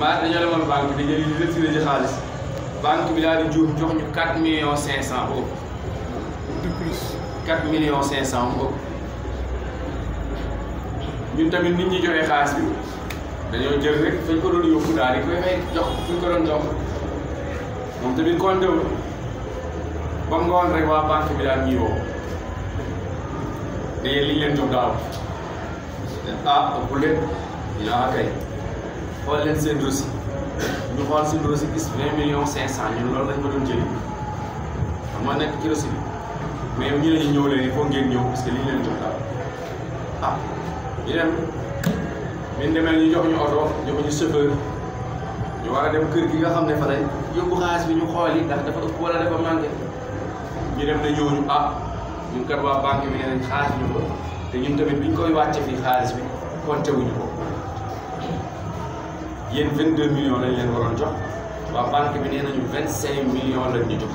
maa dañoo demoon banque bi dañoo retiré ci xaalis banque bi daal di juum jox ñu 4 millions 500 boobu. de plus. tamit nit ñi joxe xaalis bi dañoo jël rek fañ ko doon yóbbu daal di koy may jox fuñ ko doon jox moom tamit compté wu ba ngoon rek waa banque bi daal ñuy woo ne liñ leen jox daaw ah bu leen ñu ah kay. xool leen seen reçu ñu xool suñu reçu gis vingt millions cinq cent ñun loolu lañ ko doon jëlee xam nga nekk ci reçu bi mais ñu ne ñu ñëw leen il faut ngeen ñëw parce que li ñu leen jox daal ah ñu dem min demee ñu jox ñu oto jox ñu chauffeur ñu war a dem kër gi nga xam ne fa lay yóbbu xaalis bi ñu xool yi ndax dafa ëpp wala dafa manqué ñu dem na ñëwñu ah ñun kat waa banque bi nee xaalis ñu ko te ñun tamit bi ñu koy wàcce fii xaalis bi compté wuñu ko yéen 22 millions lañ leen waroon jox waa banque bi nee nañu 25 millions lañ ñu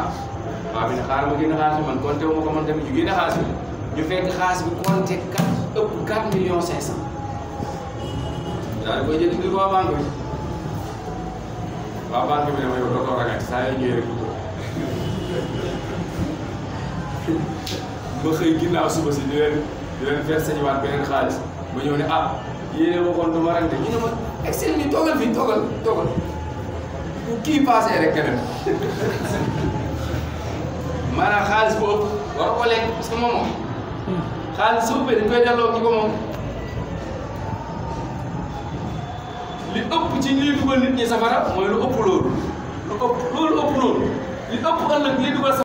ah waa bi ne xaaral ma génn xaalis bi man compté wu ma ko man ju fekk xaalis bi compté 4 ëpp 4 millions daal di koy jënd ngir waa banque bi waa banque bi dama yow dootoo ragal saa yoo ñëwee rek ba xëy ginnaaw suba si di di leen versé ñëwaat beneen xaalis ma ñëw ne ah yéen waxoon duma ren de ñu ne ma excel ni toogal fii toogal toogal bu kii passé rek keneen maanaam xaalis bu ëpp war ko lekk parce que moom moom xaalis su ëppee dañ koy delloo ko moom li ëpp ci liy dugal nit ñi safara mooy lu ëpp loolu lu ëpp loolu ëpp loolu li ëpp ëllëg